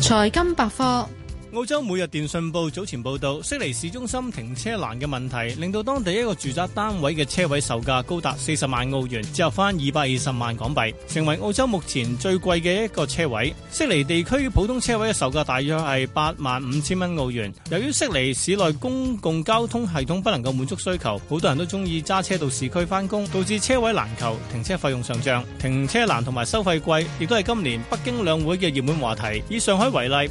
財金百科。澳洲每日電訊報早前報道，悉尼市中心停車難嘅問題，令到當地一個住宅單位嘅車位售價高達四十萬澳元，折合翻二百二十萬港幣，成為澳洲目前最貴嘅一個車位。悉尼地區普通車位嘅售價大約係八萬五千蚊澳元。由於悉尼市內公共交通系統不能夠滿足需求，好多人都鍾意揸車到市區返工，導致車位難求，停車費用上漲。停車難同埋收費貴，亦都係今年北京兩會嘅熱門話題。以上海為例。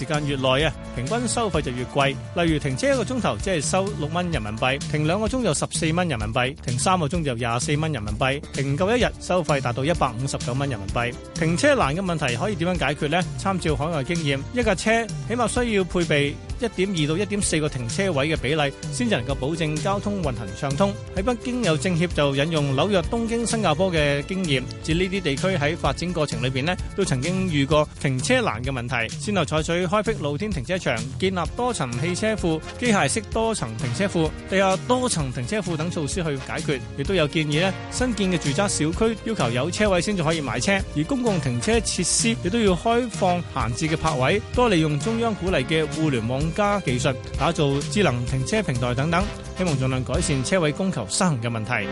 時間越耐啊，平均收費就越貴。例如停車一個鐘頭即係收六蚊人民幣，停兩個鐘就十四蚊人民幣，停三個鐘就廿四蚊人民幣，停夠一日收費達到一百五十九蚊人民幣。停車難嘅問題可以點樣解決呢？參照海外經驗，一架車起碼需要配備。一點二到一點四個停車位嘅比例，先至能夠保證交通運行暢通。喺北京有政協就引用紐約、東京、新加坡嘅經驗，指呢啲地區喺發展過程裏邊呢，都曾經遇過停車難嘅問題，先後採取開闢露天停車場、建立多層汽車庫、機械式多層停車庫、地下多層停車庫等措施去解決。亦都有建議呢，新建嘅住宅小區要求有車位先至可以買車，而公共停車設施亦都要開放閒置嘅泊位，多利用中央鼓勵嘅互聯網加技術、打造智能停車平台等等，希望盡量改善車位供求失衡嘅問題。